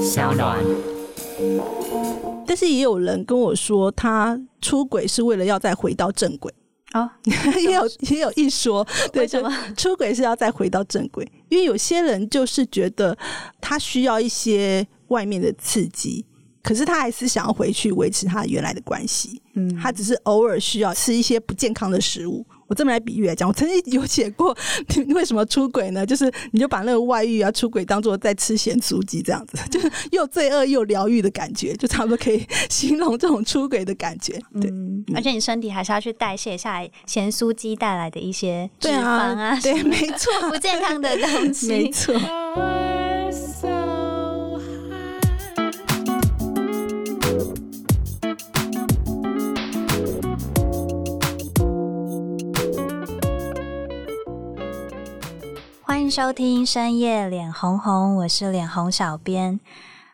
小暖， 但是也有人跟我說，他出軌是為了要再回到正軌啊，也有麼也有一說，為什麼對出軌是要再回到正軌？因為有些人就是覺得他需要一些外面的刺激，可是他還是想要回去維持他原來的關係。嗯、mm，hmm. 他只是偶爾需要吃一些不健康的食物。我這麼來比喻來講，我曾經有寫過，你為什麼出軌呢？就是你就把那個外遇啊、出軌當做在吃鹹酥雞這樣子，就是又罪惡又療癒的感覺，就差不多可以形容這種出軌的感覺。對，嗯、而且你身體還是要去代謝下來鹹酥雞帶來的一些脂肪啊，對，啊對，沒錯，不健康的東西， 其實 沒錯。收聽深夜臉紅紅，我是臉紅小編。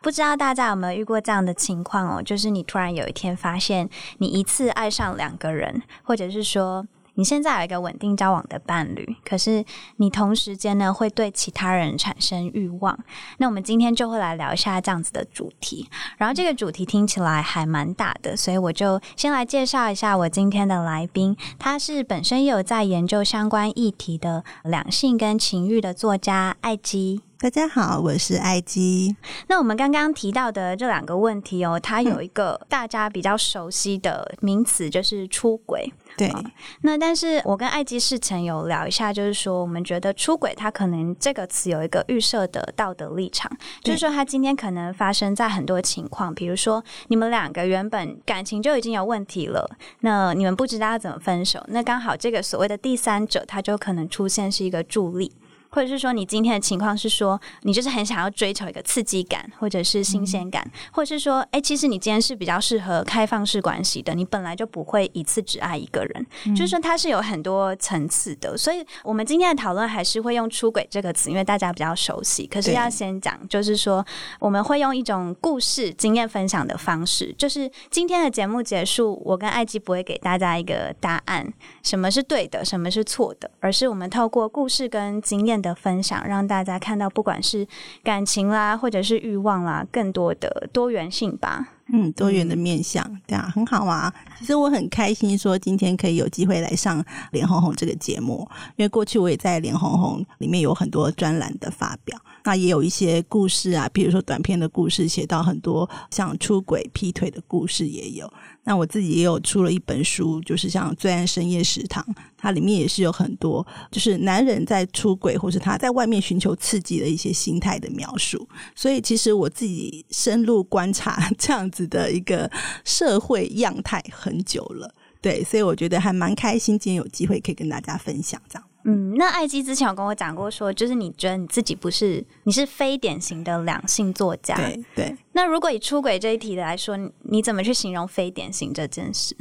不知道大家有沒有遇過這樣的情況哦？就是你突然有一天發現，你一次愛上兩個人，或者是說。你現在有一個穩定交往的伴侶，可是你同時間呢，會對其他人產生慾望？那我們今天就會來聊一下這樣子的主題。然後這個主題聽起來還蠻大的，所以我就先來介紹一下我今天的來賓。他是本身有在研究相關議題的兩性跟情慾的作家艾姬。大家好，我是艾姬。那我們剛剛提到的這兩個問題哦，它有一個大家比較熟悉的名詞，就是出軌。對、嗯嗯。那但是我跟艾姬事前有聊一下，就是說我們覺得出軌，它可能這個詞有一個預設的道德立場，就是說它今天可能發生在很多情況，對比如說你們兩個原本感情就已經有問題了，那你們不知道要怎麼分手，那剛好這個所謂的第三者，他就可能出現是一個助力。或者是說你今天的情況是說，你就是很想要追求一個刺激感，或者是新鮮感，嗯、或者是說，哎、欸，其實你今天是比較適合開放式關係的，你本來就不會一次只愛一個人，嗯、就是說它是有很多層次的。所以我們今天的討論還是會用“出軌”這個詞，因為大家比較熟悉。可是要先講，就是說我們會用一種故事、經驗分享的方式。嗯、就是今天的節目結束，我跟艾姬不會給大家一個答案，什麼是對的，什麼是錯的，而是我們透過故事跟經驗。的分享，讓大家看到不管是感情啦，或者是慾望啦，更多的多元性吧。嗯，多元的面向，嗯、對啊，很好啊。其實我很開心，說今天可以有機會來上《臉紅紅》這個節目，因為過去我也在《臉紅紅》裡面有很多專欄的發表，那也有一些故事啊，比如說短片的故事，寫到很多像出軌、劈腿的故事也有。那我自己也有出了一本書，就是像《最愛深夜食堂》，它裡面也是有很多，就是男人在出軌或是他在外面尋求刺激的一些心態的描述。所以其實我自己深入觀察這樣子的一個社會樣態很久了，對，所以我覺得還蠻開心，今天有機會可以跟大家分享這樣。嗯，那艾姬之前有跟我講過說，說就是你覺得你自己不是，你是非典型的兩性作家，對對。對，那如果以出軌這一題的來說你，你怎麼去形容非典型這件事？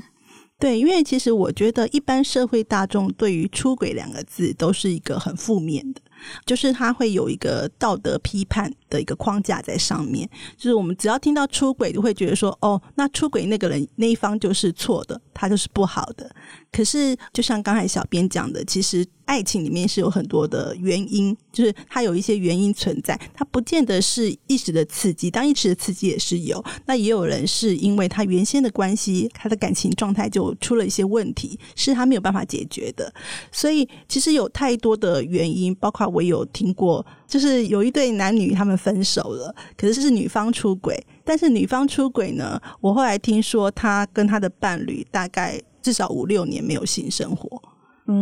對，因為其實我覺得一般社會大眾對於出軌兩個字都是一個很負面的，就是他會有一個道德批判的一個框架在上面，就是我們只要聽到出軌，就會覺得說，哦，那出軌那個人那一方就是錯的，他就是不好的。可是，就像剛才小編講的，其實愛情裡面是有很多的原因，就是它有一些原因存在，它不見得是一時的刺激，當一時的刺激也是有。那也有人是因為他原先的關係，他的感情狀態就出了一些問題，是他沒有辦法解決的。所以，其實有太多的原因，包括我有聽過，就是有一對男女他們分手了，可是是女方出軌，但是女方出軌呢，我後來聽說她跟她的伴侶大概。至少五六年沒有性生活，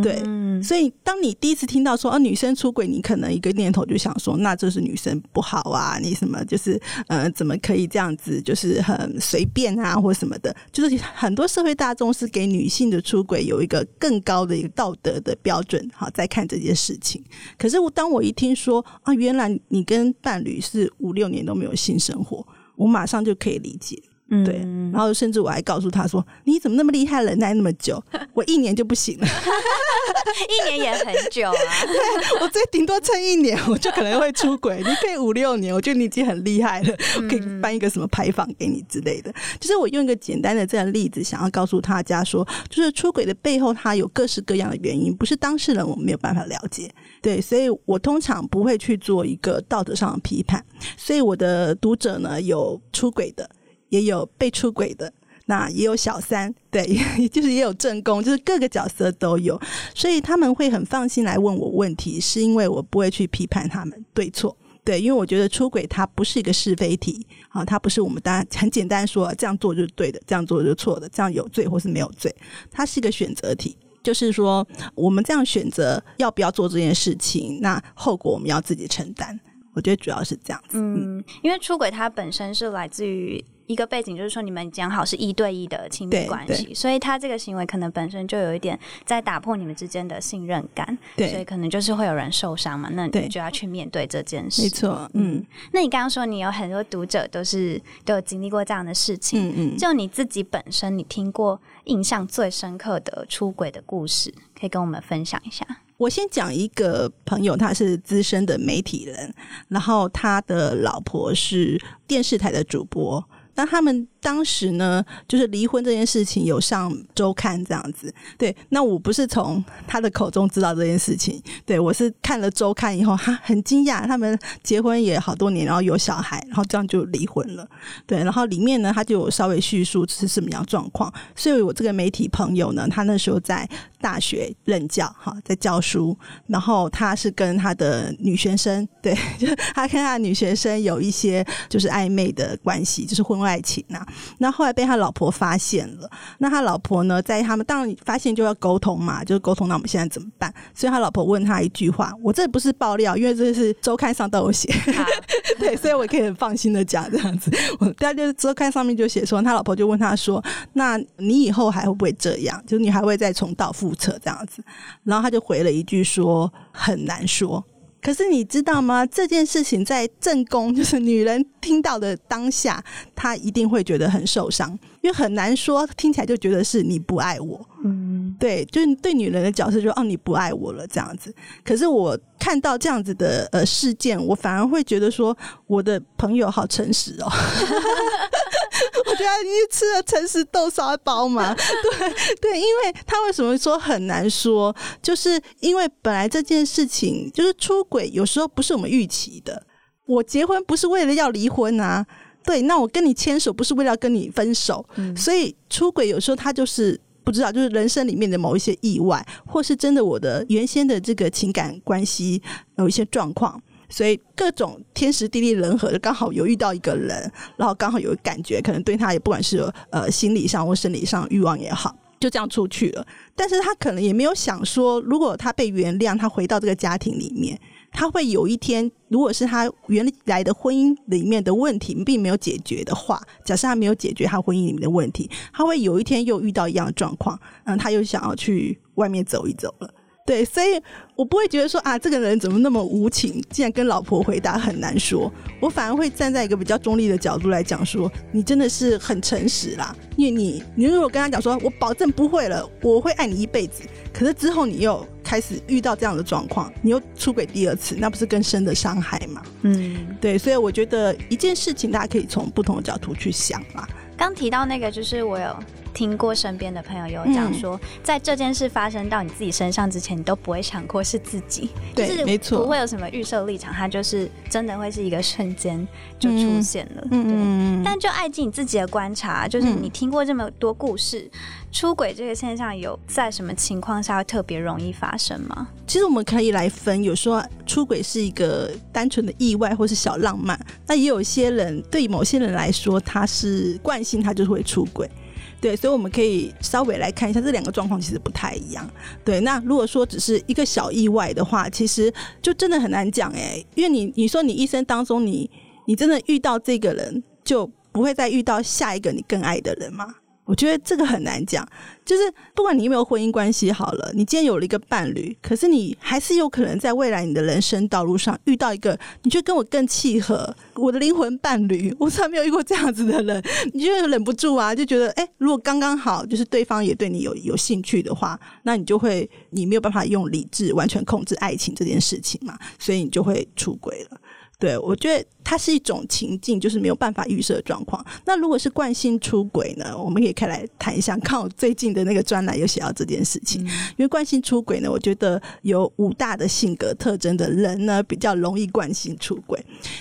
對，嗯、所以當你第一次聽到說啊女生出軌，你可能一個念頭就想說，那就是女生不好啊，你什麼就是呃怎麼可以這樣子，就是很隨便啊或什麼的，就是很多社會大眾是給女性的出軌有一個更高的一個道德的標準，好在看這件事情。可是我當我一聽說啊，原來你跟伴侶是五六年都沒有性生活，我馬上就可以理解。對，嗯、然後甚至我還告訴他說：“你怎麼那麼厲害，忍耐那麼久？我一年就不行了， 一年也很久啊！ 對，我最頂多撐一年，我就可能會出軌。你可以五六年，我覺得你已經很厲害了，我可以頒一個什麼牌坊給你之類的。嗯”就是我用一個簡單的這樣例子，想要告訴大家說，就是出軌的背後，它有各式各樣的原因，不是當事人我們沒有辦法了解。對，所以我通常不會去做一個道德上的批判。所以我的讀者呢，有出軌的。也有被出軌的，那也有小三，對，就是也有正宮，就是各個角色都有，所以他們會很放心來問我問題，是因為我不會去批判他們對錯，對，因為我覺得出軌它不是一個是非題，啊，它不是我們大家很簡單說這樣做就是對的，這樣做就是錯的，這樣有罪或是沒有罪，它是一個選擇題，就是說我們這樣選擇要不要做這件事情，那後果我們要自己承擔。我覺得主要是這樣子，嗯，嗯，因為出軌它本身是來自於。一個背景就是說，你們講好是一對一的親密關係，所以他這個行為可能本身就有一點在打破你們之間的信任感，對，所以可能就是會有人受傷嘛，那你就要去面對這件事。沒錯，嗯。那你剛剛說你有很多讀者都是都有經歷過這樣的事情，嗯嗯。嗯就你自己本身，你聽過印象最深刻的出軌的故事，可以跟我們分享一下？我先講一個朋友，他是資深的媒體人，然後他的老婆是電視台的主播。那他們當時呢，就是離婚這件事情有上周刊這樣子，對。那我不是從他的口中知道這件事情，對，我是看了周刊以後，他、啊、很驚訝，他們結婚也好多年，然後有小孩，然後這樣就離婚了，對。然後裡面呢，他就有稍微敘述是什麼樣狀況。所以我這個媒體朋友呢，他那時候在大學任教，哈，在教書，然後他是跟他的女學生，對，就他跟他的女學生有一些就是曖昧的關係，就是婚外愛情啊，那後，後來被他老婆發現了。那他老婆呢，在他們當然發現就要溝通嘛，就是溝通。那我們現在怎麼辦？所以他老婆問他一句話：“我這不是爆料，因為這是周刊上都有寫，好 對，所以我也可以很放心的講這樣子。我”大家就是周刊上面就寫說，他老婆就問他說：“那你以後還會不會這樣？就你還會再重蹈覆轍這樣子？”然後他就回了一句說：“很難說。”可是你知道嗎？這件事情在正宮就是女人聽到的當下，她一定會覺得很受傷，因為很難說聽起來就覺得是你不愛我，嗯，對，就是對女人的角色就，就、啊、哦，你不愛我了這樣子。可是我看到這樣子的呃事件，我反而會覺得說我的朋友好誠實哦。 我覺得你吃了誠實豆沙包嘛？對對，因為他為什麼說很難說？就是因為本來這件事情就是出軌，有時候不是我們預期的。我結婚不是為了要離婚啊，對，那我跟你牽手不是為了要跟你分手。所以出軌有時候他就是不知道，就是人生裡面的某一些意外，或是真的我的原先的這個情感關係有一些狀況。所以各種天時地利人和的剛好有遇到一個人，然後剛好有感覺，可能對他也不管是呃心理上或生理上慾望也好，就這樣出去了。但是他可能也沒有想說，如果他被原諒，他回到這個家庭裡面，他會有一天，如果是他原來的婚姻裡面的問題並沒有解決的話，假設他沒有解決他婚姻裡面的問題，他會有一天又遇到一樣的狀況，然後他又想要去外面走一走了。對，所以我不會覺得說啊，這個人怎麼那麼無情，竟然跟老婆回答很難說。我反而會站在一個比較中立的角度來講說，說你真的是很誠實啦，因為你，你如果跟他講說，我保證不會了，我會愛你一輩子，可是之後你又開始遇到這樣的狀況，你又出軌第二次，那不是更深的傷害嗎？嗯，對，所以我覺得一件事情，大家可以從不同的角度去想嘛。剛提到那個，就是我有聽過身邊的朋友有講說，嗯、在這件事發生到你自己身上之前，你都不會想過是自己，對就是不會有什麼預設立場，錯它就是真的會是一個瞬間就出現了。嗯，對嗯，但就愛敬艾姬你自己的觀察，就是你聽過這麼多故事。嗯嗯出軌這個現象有在什麼情況下會特別容易發生嗎？其實我們可以來分，有時候出軌是一個單純的意外或是小浪漫，那也有一些人對於某些人來說，他是慣性，他就會出軌。對，所以我們可以稍微來看一下這兩個狀況其實不太一樣。對，那如果說只是一個小意外的話，其實就真的很難講哎、欸，因為你你說你一生當中你你真的遇到這個人就不會再遇到下一個你更愛的人嗎？我覺得這個很難講，就是不管你有沒有婚姻關係好了，你既然有了一個伴侶，可是你還是有可能在未來你的人生道路上遇到一個你覺得跟我更契合，我的靈魂伴侶。我從來沒有遇過這樣子的人，你就忍不住啊，就覺得哎、欸，如果剛剛好，就是對方也對你有有興趣的話，那你就會你沒有辦法用理智完全控制愛情這件事情嘛，所以你就會出軌了。對，我覺得它是一種情境，就是沒有辦法預設狀況。那如果是慣性出軌呢，我們也可以來談一下。看我最近的那個專欄有寫到這件事情，嗯、因為慣性出軌呢，我覺得有五大的性格特徵的人呢，比較容易慣性出軌。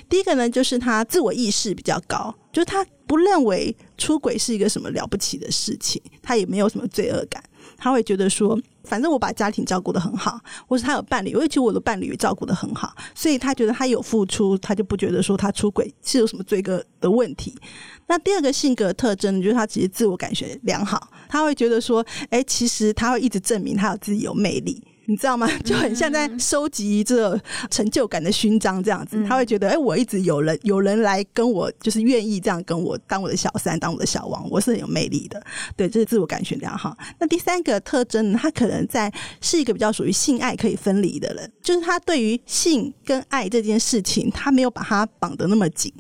第一個呢，就是他自我意識比較高，就是他不認為出軌是一個什麼了不起的事情，他也沒有什麼罪惡感，他會覺得說。反正我把家庭照顧的很好，或是他有伴侶，我也覺得我的伴侶照顧的很好，所以他覺得他有付出，他就不覺得說他出軌是有什麼罪惡的問題。那第二個性格特徵，就是他其實自我感覺良好，他會覺得說，哎、欸，其實他會一直證明他有自己有魅力，你知道嗎？就很像在收集這個成就感的勳章這樣子，他會覺得，哎、欸，我一直有人有人來跟我，就是願意這樣跟我當我的小三，當我的小王，我是很有魅力的。對，這、就是自我感覺良好。那第三個特徵呢，他可能在是一個比較屬於性愛可以分離的人，就是他對於性跟愛這件事情，他沒有把它綁得那麽緊，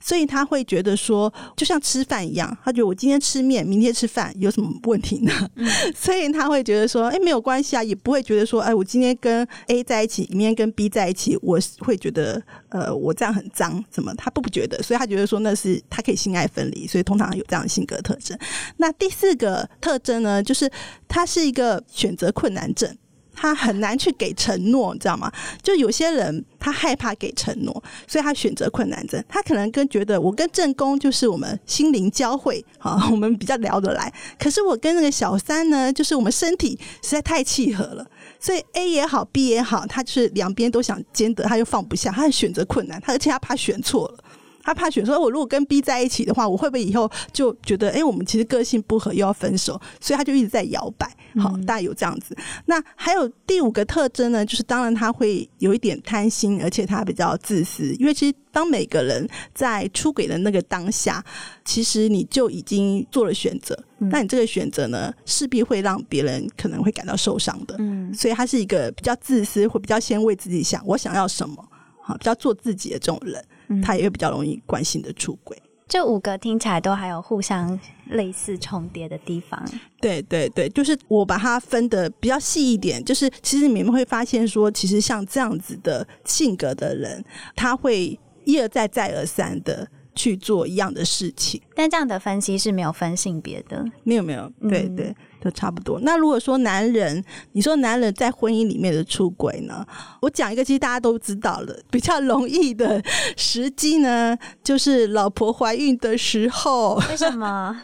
所以他會覺得說，就像吃飯一樣，他覺得我今天吃麵，明天吃飯有什麽問題呢？嗯、所以他會覺得說，哎、欸，沒有關係啊，也不會覺得。說哎、呃，我今天跟 A 在一起，明天跟 B 在一起，我會覺得呃，我這樣很髒，怎麼他不不覺得？所以他覺得說那是他可以性愛分離。所以通常有這樣的性格特徵。那第四個特徵呢，就是他是一個選擇困難症，他很難去給承諾，你知道嗎？就有些人他害怕給承諾，所以他選擇困難症。他可能跟覺得我跟正宮就是我們心靈交匯啊，我們比較聊得來，可是我跟那個小三呢，就是我們身體實在太契合了。所以 A 也好，B 也好，他就是兩邊都想兼得，他又放不下，他選擇困難，他而且他怕選錯了。他怕選說，我如果跟 B 在一起的話，我會不會以後就覺得，哎、欸，我們其實個性不合，又要分手？所以他就一直在搖擺。好，嗯、大概有這樣子。那還有第五個特徵呢，就是當然他會有一點貪心，而且他比較自私。因為其實當每個人在出軌的那個當下，其實你就已經做了選擇。嗯、那你這個選擇呢，勢必會讓別人可能會感到受傷的。嗯，所以他是一個比較自私，會比較先為自己想，我想要什麼？好，比較做自己的這種人。他也會比較容易慣性的出軌，嗯。這五個聽起來都還有互相類似重疊的地方。對對對，就是我把它分的比較細一點，就是其實你們會發現說，其實像這樣子的性格的人，他會一而再再而三的去做一樣的事情。但這樣的分析是沒有分性別的，沒有沒有，對、嗯、對，都差不多。那如果說男人，你說男人在婚姻裡面的出軌呢？我講一個，其實大家都知道了，比較容易的時機呢，就是老婆懷孕的時候。為什麼？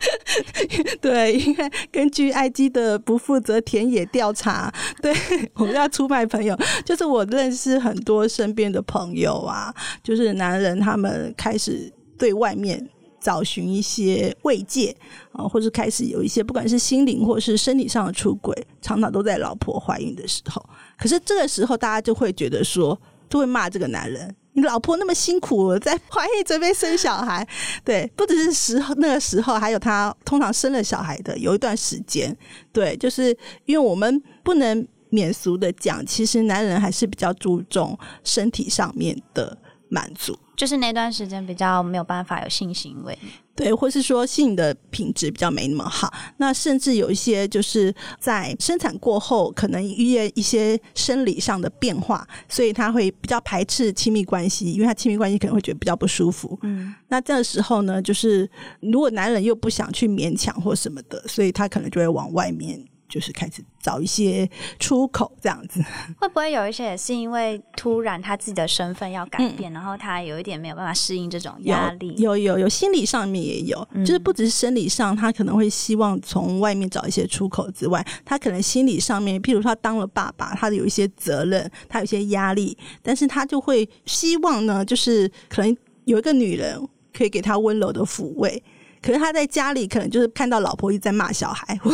對，因為根據艾姬的不負責田野調查，對，我們要出賣朋友，就是我認識很多身邊的朋友啊，就是男人他們開始對外面。找尋一些慰藉啊，或是開始有一些，不管是心靈或是身體上的出軌，常常都在老婆懷孕的時候。可是這個時候，大家就會覺得說，就會罵這個男人：你老婆那麼辛苦，在懷孕準備生小孩， 對，不只是時候那個時候，還有他通常生了小孩的有一段時間，對，就是因為我們不能免俗的講，其實男人還是比較注重身體上面的滿足。就是那段時間比較沒有辦法有性行為，對，或是說性的品質比較沒那麼好，那甚至有一些就是在生產過後，可能遇一些生理上的變化，所以他會比較排斥親密關係，因為他親密關係可能會覺得比較不舒服。嗯，那這個時候呢，就是如果男人又不想去勉強或什麼的，所以他可能就會往外面。就是開始找一些出口，這樣子。會不會有一些也是因為突然他自己的身份要改變，嗯、然後他有一點沒有辦法適應這種壓力？有有有，有有有，心理上面也有，嗯、就是不只是生理上，他可能會希望從外面找一些出口之外，他可能心理上面，譬如說他當了爸爸，他有一些責任，他有一些壓力，但是他就會希望呢，就是可能有一個女人可以給他溫柔的撫慰。可是他在家裡可能就是看到老婆一直在罵小孩， 對，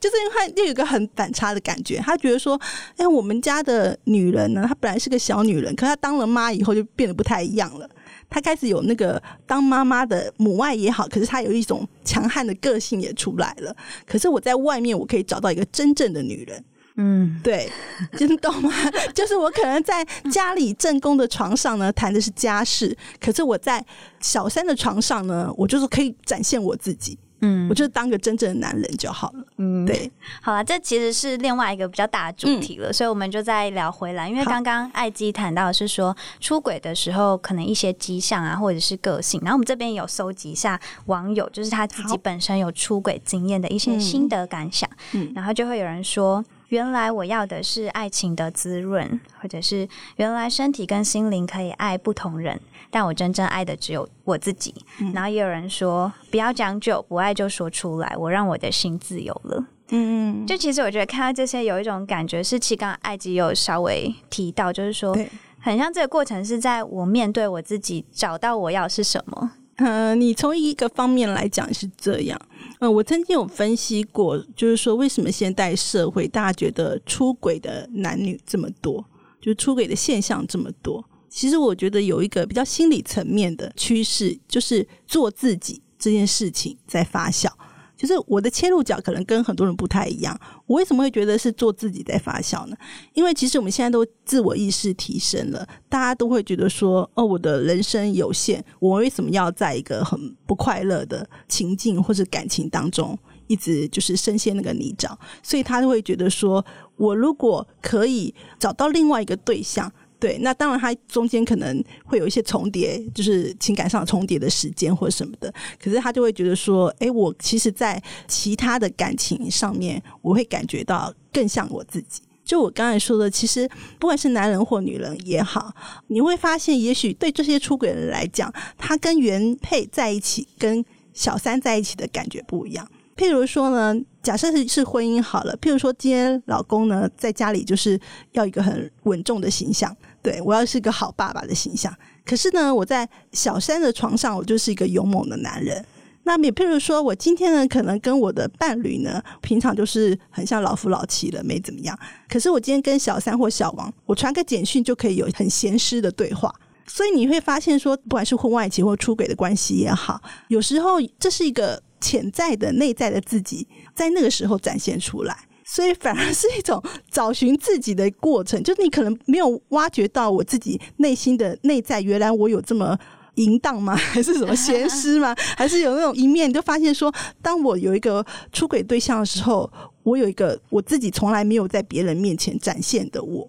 就是因為他又有一個很反差的感覺。他覺得說，哎、欸，我們家的女人呢，她本來是個小女人，可是她當了媽以後就變得不太一樣了。她開始有那個當媽媽的母愛也好，可是她有一種強悍的個性也出來了。可是我在外面，我可以找到一個真正的女人。嗯，對，你懂嗎？ 就是我可能在家裡正宮的床上呢談的是家事，可是我在小三的床上呢，我就是可以展現我自己，嗯，我就是當個真正的男人就好了，嗯，對，好啊，這其實是另外一個比較大的主題了，嗯、所以我們就再聊回來，因為剛剛艾姬談到的是說好 出軌的時候可能一些跡象啊，或者是個性，然後我們這邊有蒐集一下網友，就是他自己本身有出軌經驗的一些心得感想，嗯，好 然後就會有人說，原來我要的是愛情的滋潤，或者是原來身體跟心靈可以愛不同人，但我真正愛的只有我自己。嗯、然後也有人說，不要將就，不愛就說出來，我讓我的心自由了。嗯嗯，就其實我覺得看到這些有一種感覺，是，其實剛剛艾姬有稍微提到，就是說，對很像這個過程是在我面對我自己，找到我要是什麼。嗯、呃，你從一個方面來講是這樣。嗯、呃，我曾經有分析過，就是說為什麼現代社會大家覺得出軌的男女這麼多，就是出軌的現象這麼多。其實我覺得有一個比較心理層面的趨勢，就是做自己這件事情在發酵。就是我的切入角可能跟很多人不太一樣。我為什麼會覺得是做自己在發酵呢？因為其實我們現在都自我意識提升了，大家都會覺得說，哦，我的人生有限，我為什麼要在一個很不快樂的情境或者感情當中，一直就是深陷那個泥沼。所以他就會覺得說，我如果可以找到另外一個對象。對，那當然，他中間可能會有一些重疊，就是情感上重疊的時間或者什麼的。可是他就會覺得說，哎，我其實在其他的感情上面，我會感覺到更像我自己。就我剛才說的，其實不管是男人或女人也好，你會發現，也許對這些出軌人來講，他跟原配在一起，跟小三在一起的感覺不一樣。譬如說呢。假設是是婚姻好了，譬如說今天老公呢在家裡就是要一個很穩重的形象，對，我要是一個好爸爸的形象。可是呢，我在小三的床上，我就是一個勇猛的男人。那也譬如說我今天呢，可能跟我的伴侶呢，平常就是很像老夫老妻了，沒怎麼樣。可是我今天跟小三或小王，我傳個簡訊就可以有很鹹濕的對話。所以你會發現說，不管是婚外情或出軌的關係也好，有時候這是一個。潛在的、內在的自己，在那個時候展現出來，所以反而是一種找尋自己的過程。就是你可能沒有挖掘到我自己內心的內在，原來我有這麼淫蕩嗎？還是什麼鹹濕嗎？ 還是有那種一面？你就發現說，當我有一個出軌對象的時候，我有一個我自己從來沒有在別人面前展現的我，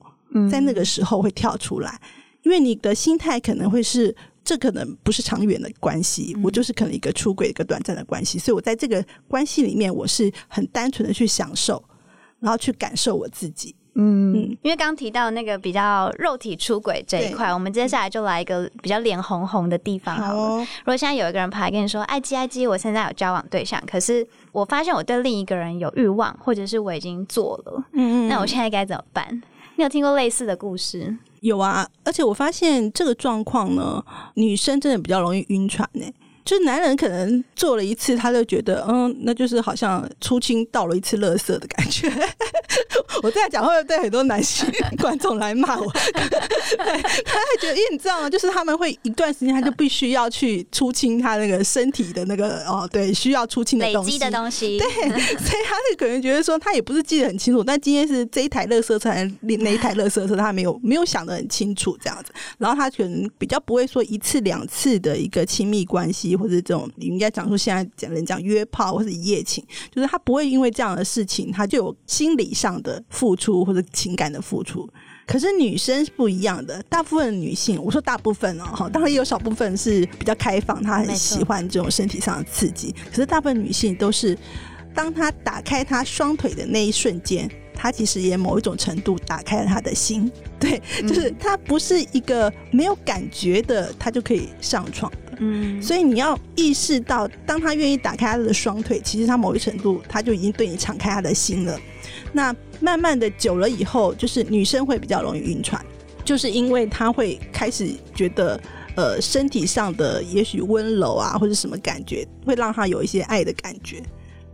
在那個時候會跳出來，因為你的心態可能會是。這可能不是長遠的關係，我就是可能一個出軌一個短暫的關係，所以我在這個關係裡面，我是很單純的去享受，然後去感受我自己。嗯，嗯，因為剛提到那個比較肉體出軌這一塊，對我們接下來就來一個比較臉紅紅的地方好了。好、哦，如果現在有一個人跑來跟你說：“艾姬，艾姬，我現在有交往對象，可是我發現我對另一個人有慾望，或者是我已經做了，嗯，嗯，那我現在該怎麼辦？你有聽過類似的故事？”有啊，而且我發現這個狀況呢，女生真的比較容易暈船欸。就是男人可能做了一次，他就覺得嗯，那就是好像出清倒了一次樂色的感覺。 我這樣講會不會對很多男性 觀眾來罵我 對，他還覺得，因為你知道嗎？就是他們會一段時間，他就必須要去出清他那個身體的那個哦，對，需要出清的東西，累積的東西。對，所以他是可能覺得說，他也不是記得很清楚， 但今天是這一台樂色車，還是哪一台樂色車，他沒有沒有想得很清楚這樣子。然後他可能比較不會說一次兩次的一個親密關係，或者這種，你應該講說現在講人講約炮或者一夜情，就是他不會因為這樣的事情，他就有心理上的付出或者情感的付出。可是女生是不一樣的，大部分女性，我說大部分哦、喔，當然也有少部分是比較開放，她很喜歡這種身體上的刺激。沒錯。可是大部分女性都是，當她打開她雙腿的那一瞬間。他其實也某一種程度打開了他的心，對，就是他不是一個沒有感覺的，他就可以上床的。嗯，所以你要意識到，當他願意打開他的雙腿，其實他某一程度他就已經對你敞開他的心了。那慢慢的久了以後，就是女生會比較容易暈船，就是因為他會開始覺得，呃，身體上的也許溫柔啊，或者什麼感覺，會讓他有一些愛的感覺。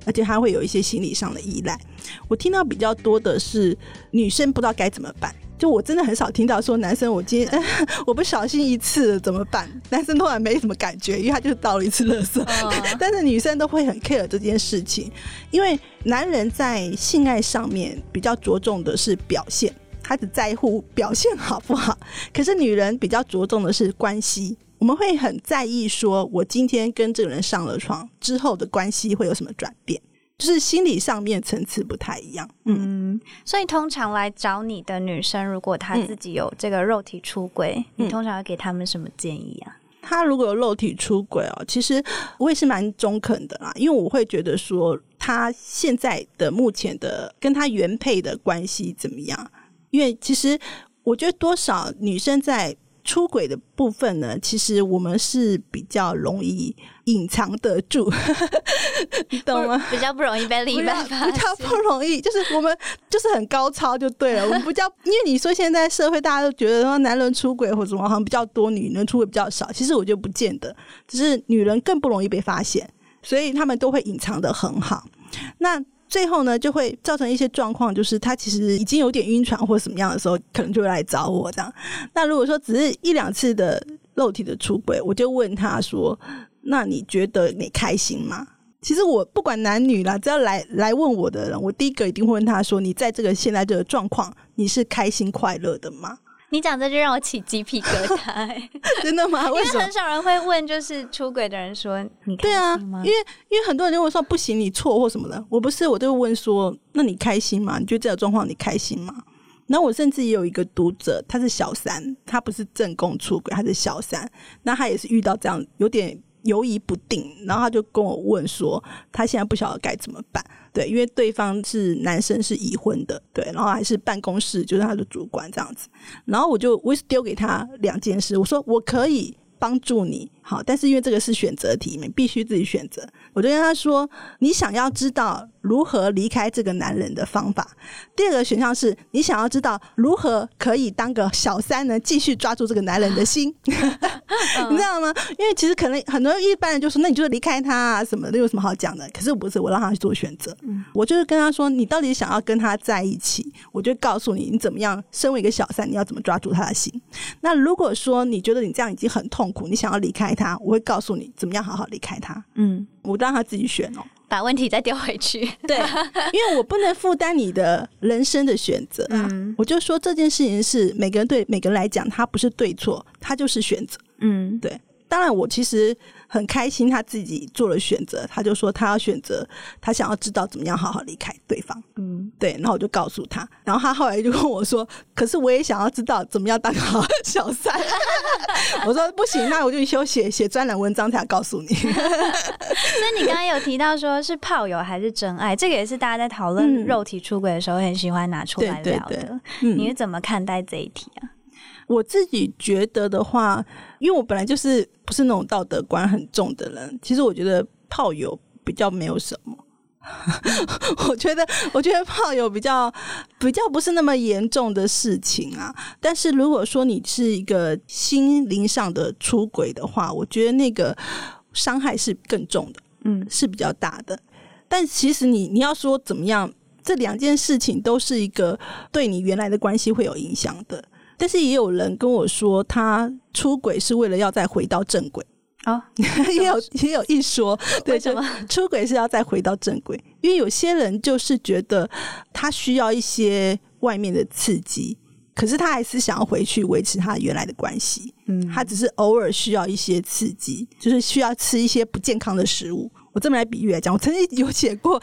而且他會有一些心理上的依賴。我聽到比較多的是女生不知道該怎麼辦，就我真的很少聽到說男生我今天呵呵我不小心一次了怎麼辦。男生通常沒什麼感覺，因為他就是倒了一次垃圾。Oh. 但是女生都會很 care 這件事情，因為男人在性愛上面比較着重的是表現，他只在乎表現好不好。可是女人比較着重的是關係。我們會很在意，說我今天跟這個人上了床之後的關係會有什麼轉變，就是心理上面層次不太一樣。嗯，所以通常來找你的女生，如果她自己有這個肉體出軌，嗯、你通常會給她們什麼建議啊？她如果有肉體出軌哦，其實我也是蠻中肯的啦，因為我會覺得說她現在的目前的跟她原配的關係怎麼樣？因為其實我覺得多少女生在。出軌的部分呢，其實我們是比較容易隱藏得住， 你懂嗎？比較不容易被發現比，比較不容易，就是我們就是很高超就對了。我們不叫， 因為你說現在社會大家都覺得說男人出軌或者什麼好像比較多，女人出軌比較少，其實我覺得不見得，只是女人更不容易被發現，所以他們都會隱藏得很好。那。最後呢，就會造成一些狀況，就是他其實已經有點暈船或者什麼樣的時候，可能就會來找我這樣。那如果說只是一兩次的肉體的出軌，我就問他說：“那你覺得你開心嗎？”其實我不管男女啦，只要來來問我的人，我第一個一定會問他說：“你在這個現在這個狀況，你是開心快樂的嗎？”你講這就讓我起雞皮疙瘩，欸， 真的嗎？為什麼？因為很少人會問，就是出軌的人說，你開心嗎？對啊，因為因為很多人就會說不行，你錯或什麼的。我不是，我就問說，那你開心嗎？你覺得這種狀況你開心嗎？然後我甚至也有一個讀者，他是小三，他不是正宮出軌，他是小三，那他也是遇到這樣有點。猶疑不定，然後他就跟我問說，他現在不曉得該怎麼辦。對，因為對方是男生，是已婚的，對，然後還是辦公室，就是他的主管這樣子。然後我就，我丟給他兩件事，我說我可以幫助你。好，但是因為這個是選擇題，你必須自己選擇。我就跟他說：“你想要知道如何離開這個男人的方法。”第二個選項是你想要知道如何可以當個小三呢，繼續抓住這個男人的心，你知道嗎？因為其實可能很多人一般人就說：“那你就離開他啊，什麼的有什麼好講的？”可是我不是，我讓他去做選擇。嗯，我就是跟他說：“你到底想要跟他在一起？”我就告訴你，你怎麼樣身為一個小三，你要怎麼抓住他的心？那如果說你覺得你這樣已經很痛苦，你想要離開他，我會告訴你怎麼樣好好離開他。嗯，我讓他自己選哦。把問題再丟回去，對， 因為我不能負擔你的人生的選擇。嗯，我就說這件事情是每個人對每個人來講，他不是對錯，他就是選擇。嗯，對，當然我其實。很開心，他自己做了選擇。他就說他要選擇，他想要知道怎麼樣好好離開對方。嗯，對。然後我就告訴他，然後他後來就問我說：“可是我也想要知道怎麼樣當好小三。” 我說：“不行，那我就先寫寫專欄文章才告訴你。 ” 那你剛剛有提到說是炮友還是真愛，這個也是大家在討論肉體出軌的時候、嗯、很喜歡拿出來聊的。對對對嗯、你是怎麼看待這一題啊？我自己覺得的話，因為我本來就是不是那種道德觀很重的人，其實我覺得炮友比較沒有什麼。 我覺得，我覺得炮友比較比較不是那麼嚴重的事情啊。但是如果說你是一個心靈上的出軌的話，我覺得那個傷害是更重的，嗯，是比較大的。但其實你你要說怎麼樣，這兩件事情都是一個對你原來的關係會有影響的。但是也有人跟我說，他出軌是為了要再回到正軌啊，哦、 也有也有一說，為什麼？對，出軌是要再回到正軌？因為有些人就是覺得他需要一些外面的刺激，可是他還是想要回去維持他原來的關係。嗯，他只是偶爾需要一些刺激，就是需要吃一些不健康的食物。我這麼來比喻來講，我曾經有寫過，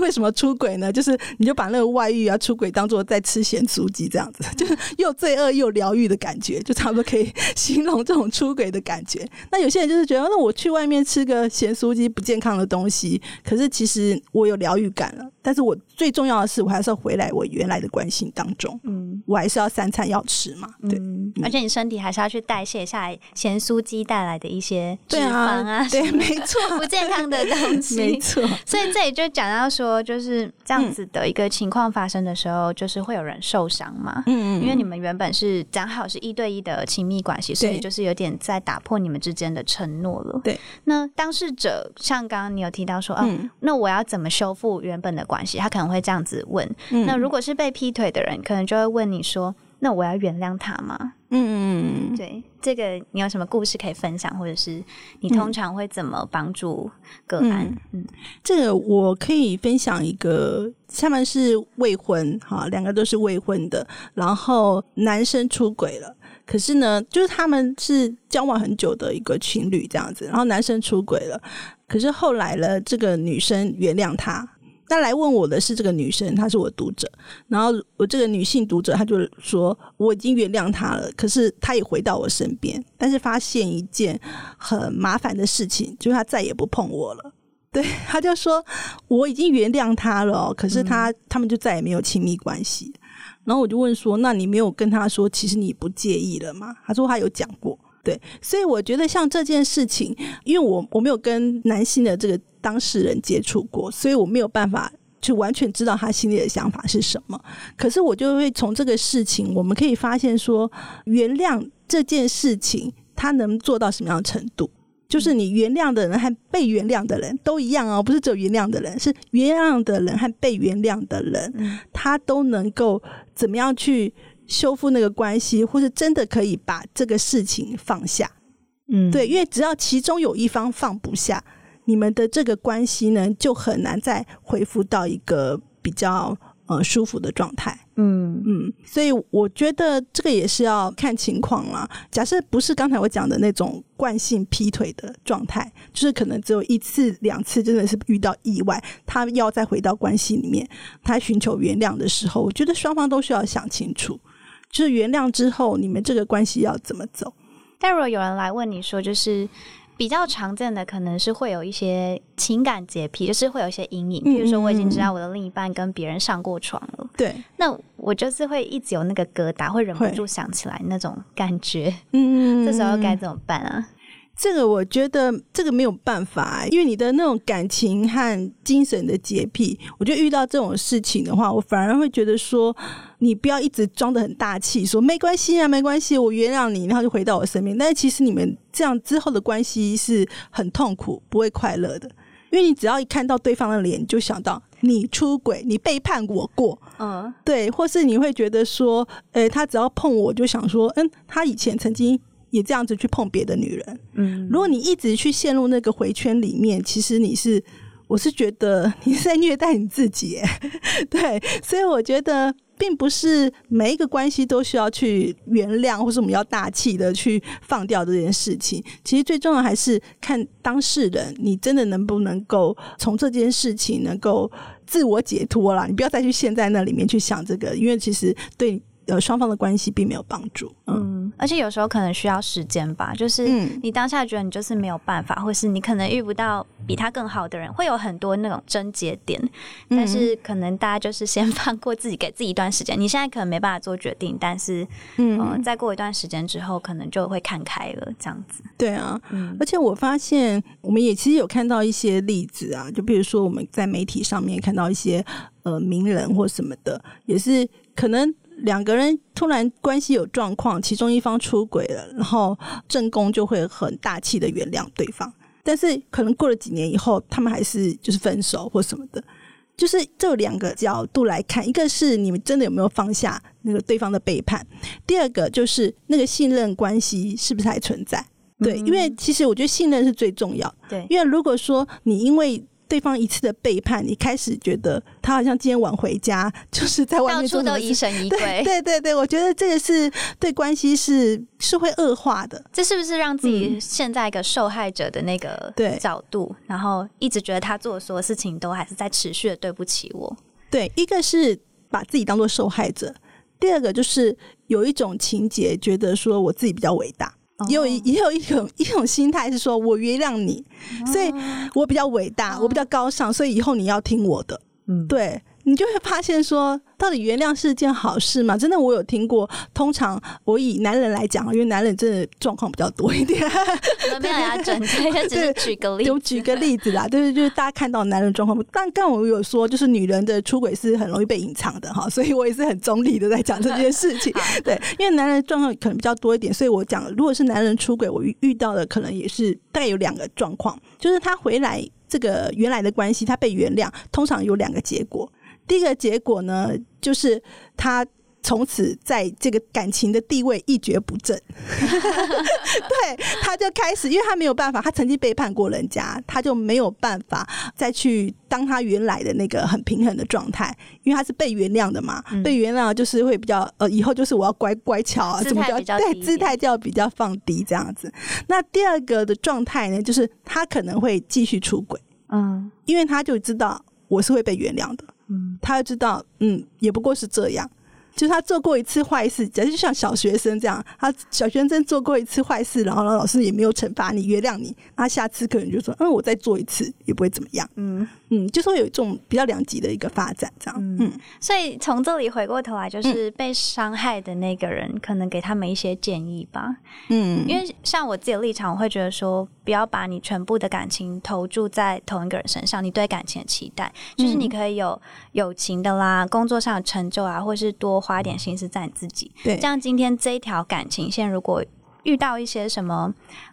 為什麼出軌呢？就是你就把那個外遇啊、出軌當做在吃鹹酥雞這樣子，就是又罪惡又療癒的感覺，就差不多可以形容這種出軌的感覺。那有些人就是覺得，那我去外面吃個鹹酥雞，不健康的東西，可是其實我有療癒感了。但是我最重要的是，我還是要回來我原來的關係當中，嗯，我還是要三餐要吃嘛，對，而且你身體還是要去代謝下來鹹酥雞帶來的一些脂肪啊，對，沒錯，不健康的東西，沒錯。所以這裡就講到說，就是這樣子的一個情況發生的時候，就是會有人受傷嘛，嗯嗯，因為你們原本是講好是一對一的親密關係，所以就是有點在打破你們之間的承諾了，對。那當事者，像剛剛你有提到說，嗯，那我要怎麼修復原本的？關係，他可能會這樣子問。嗯、那如果是被劈腿的人，可能就會問你說：“那我要原諒他嗎？”嗯，對，這個你有什麼故事可以分享，或者是你通常會怎麼幫助個案？嗯，嗯嗯，這個我可以分享一個，他們是未婚，哈，兩個都是未婚的，然後男生出軌了，可是呢，就是他們是交往很久的一個情侶這樣子，然後男生出軌了，可是後來了，這個女生原諒他。他來問我的是這個女生，她是我讀者，然後我這個女性讀者，她就說，我已經原諒他了，可是他也回到我身邊，但是發現一件很麻煩的事情，就是他再也不碰我了。對，他就說我已經原諒他了，可是他他們就再也沒有親密關係。嗯、然後我就問說，那你沒有跟他說其實你不介意了嗎？他說他有講過，對，所以我覺得像這件事情，因為我我沒有跟男性的這個。當事人接觸過，所以我沒有辦法去完全知道他心裡的想法是什麼。可是我就會從這個事情，我們可以發現說，原諒這件事情，他能做到什麼樣的程度？就是你原諒的人和被原諒的人都一樣啊、哦，不是只有原諒的人，是原諒的人和被原諒的人，他都能夠怎麼樣去修復那個關係，或是真的可以把這個事情放下。嗯，對，因為只要其中有一方放不下，你們的這個關係呢，就很難再恢復到一個比較呃舒服的狀態。嗯嗯，所以我覺得這個也是要看情況啦。假設不是剛才我講的那種慣性劈腿的狀態，就是可能只有一次兩次，真的是遇到意外，他要再回到關係裡面，他尋求原諒的時候，我覺得雙方都需要想清楚，就是原諒之後，你們這個關係要怎麼走。但如果有人來問你說，就是。比較常見的可能是會有一些情感潔癖，就是會有一些陰影。嗯、比如說，我已經知道我的另一半跟別人上過床了，對，那我就是會一直有那個疙瘩，會忍不住想起來那種感覺。嗯嗯會， 這時候該怎麼辦啊？這個我覺得這個沒有辦法、欸，因為你的那種感情和精神的潔癖，我覺得遇到這種事情的話，我反而會覺得說，你不要一直裝得很大氣，說沒關係啊，沒關係，我原諒你，然後就回到我身邊。但是其實你們這樣之後的關係是很痛苦，不會快樂的，因為你只要一看到對方的臉，就想到你出軌，你背叛我過，嗯，uh. 對，或是你會覺得說，誒，他只要碰我，就想說，嗯，他以前曾經。也這樣子去碰別的女人，嗯，如果你一直去陷入那個迴圈裡面，其實你是，我是覺得你是在虐待你自己，對，所以我覺得並不是每一個關係都需要去原諒，或是我們要大氣的去放掉這件事情。其實最重要的還是看當事人，你真的能不能夠從這件事情能夠自我解脫啦，你不要再去陷在那裡面去想這個，因為其實對。呃，雙方的關係並沒有幫助。嗯，嗯，而且有時候可能需要時間吧，就是你當下覺得你就是沒有辦法，嗯、或是你可能遇不到比他更好的人，會有很多那種症結點。但是可能大家就是先放過自己，給自己一段時間。嗯、你現在可能沒辦法做決定，但是嗯、呃，再過一段時間之後，可能就會看開了這樣子。對啊，嗯、而且我發現，我們也其實有看到一些例子啊，就比如說我們在媒體上面看到一些呃名人或什麼的，也是可能。兩個人突然關係有狀況，其中一方出軌了，然後正宮就會很大氣的原諒對方。但是可能過了幾年以後，他們還是就是分手或什麼的。就是這兩個角度來看，一個是你們真的有沒有放下那個對方的背叛，第二個就是那個信任關係是不是還存在？對，嗯嗯，因為其實我覺得信任是最重要。對，因為如果說你因為對方一次的背叛，你開始覺得他好像今天晚回家，就是在外面做什麼到處，都疑神疑鬼。對對對，我覺得這個是對關係是是會惡化的。這是不是讓自己陷在一個受害者的那個對角度，嗯、然後一直覺得他做所有的事情都還是在持續的對不起我？對，一個是把自己當做受害者，第二個就是有一種情節，覺得說我自己比較偉大。也有一、oh. 也有一種一種心態是說我原諒你，oh. 所以我比較偉大，oh. 我比較高尚，所以以後你要聽我的，oh. 對。你就會發現說，到底原諒是件好事嗎？真的，我有聽過。通常我以男人來講，因為男人真的狀況比較多一點。對啊，就舉個例子。有舉個例子啦，就是 就是大家看到男人狀況，但但我有說，就是女人的出軌是很容易被隱藏的哈，所以我也是很中立的在講這件事情。 的對，因為男人狀況可能比較多一點，所以我講，如果是男人出軌，我遇到的可能也是大概有兩個狀況，就是他回來這個原來的關係，他被原諒，通常有兩個結果。第一個結果呢，就是他從此在這個感情的地位一蹶不振， 對他就開始，因為他沒有辦法，他曾經背叛過人家，他就沒有辦法再去當他原來的那個很平衡的狀態，因為他是被原諒的嘛，嗯、被原諒就是會比較呃，以後就是我要乖乖巧啊，什麼的，姿態，對，姿態就要比較放低這樣子。那第二個的狀態呢，就是他可能會繼續出軌，嗯，因為他就知道我是會被原諒的。嗯，他就知道，嗯，也不過是這樣，就是他做過一次壞事，假如就像小學生這樣，他小學生做過一次壞事，然後老師也沒有懲罰你，原諒你，那下次可能就說，嗯，我再做一次也不會怎麼樣，嗯。嗯，就是會有一種比較兩極的一個發展，這樣。嗯，所以從這裡回過頭來，就是被傷害的那個人，可能給他們一些建議吧。嗯，因為像我自己的立場，我會覺得說，不要把你全部的感情投注在同一個人身上。你對感情的期待，就是你可以有友情的啦，嗯、工作上的成就啊，或是多花點心思在你自己。對，像今天這一條感情線，如果遇到一些什麼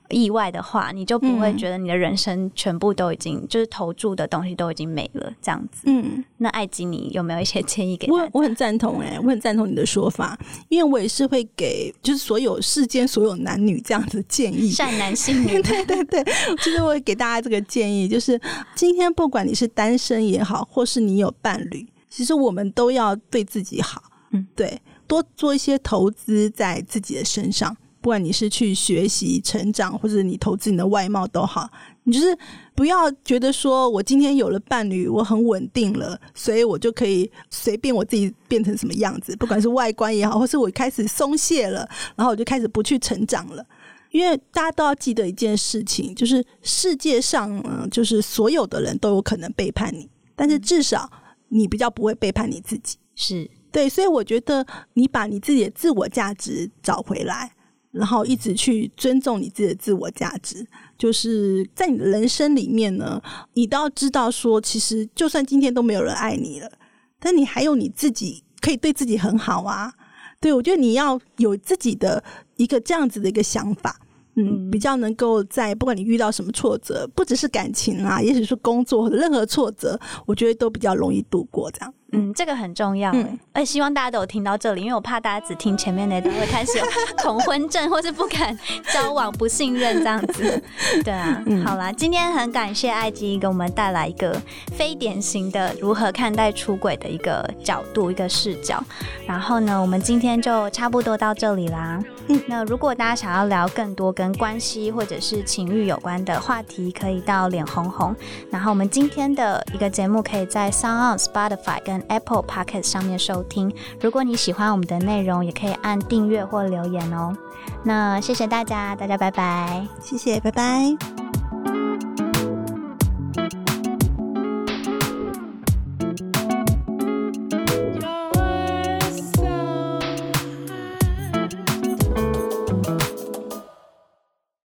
意外的話，你就不會覺得你的人生全部都已經、嗯、就是投注的東西都已經沒了這樣子。嗯，那艾姬，你有沒有一些建議給我？我很贊同哎、欸，嗯、我很贊同你的說法，因為我也是會給就是所有世間所有男女這樣子的建議，善男信女。 對對對，就是我給大家這個建議，就是今天不管你是單身也好，或是你有伴侶，其實我們都要對自己好。嗯，對，多做一些投資在自己的身上。不管你是去學習成長，或者你投資你的外貌都好，你就是不要覺得說我今天有了伴侶，我很穩定了，所以我就可以隨便我自己變成什麼樣子，不管是外觀也好，或是我開始鬆懈了，然後我就開始不去成長了。因為大家都要記得一件事情，就是世界上，嗯，就是所有的人都有可能背叛你，但是至少你比較不會背叛你自己。是對，所以我覺得你把你自己的自我價值找回來。然後一直去尊重你自己的自我價值，就是在你的人生裡面呢，你都要知道說，其實就算今天都沒有人愛你了，但你還有你自己，可以對自己很好啊。對，我覺得你要有自己的一個這樣子的一個想法，嗯，比較能夠在不管你遇到什麼挫折，不只是感情啊，也許是工作或者任何挫折，我覺得都比較容易度過這樣。嗯，這個很重要，而、嗯欸、希望大家都有聽到這裡，因為我怕大家只聽前面那段會開始有恐婚症， 或是不敢交往、不信任這樣子。對啊，嗯、好啦，今天很感謝艾姬給我們帶來一個非典型的如何看待出軌的一個角度、一個視角。然後呢，我們今天就差不多到這裡啦。嗯、那如果大家想要聊更多跟關係或者是情欲有關的話題，可以到臉紅紅。然後我們今天的一個節目可以在 SoundOn、Spotify 跟。Apple Podcast 上面收聽。如果你喜歡我們的內容，也可以按訂閱或留言哦。那謝謝大家，大家拜拜，謝謝，拜拜。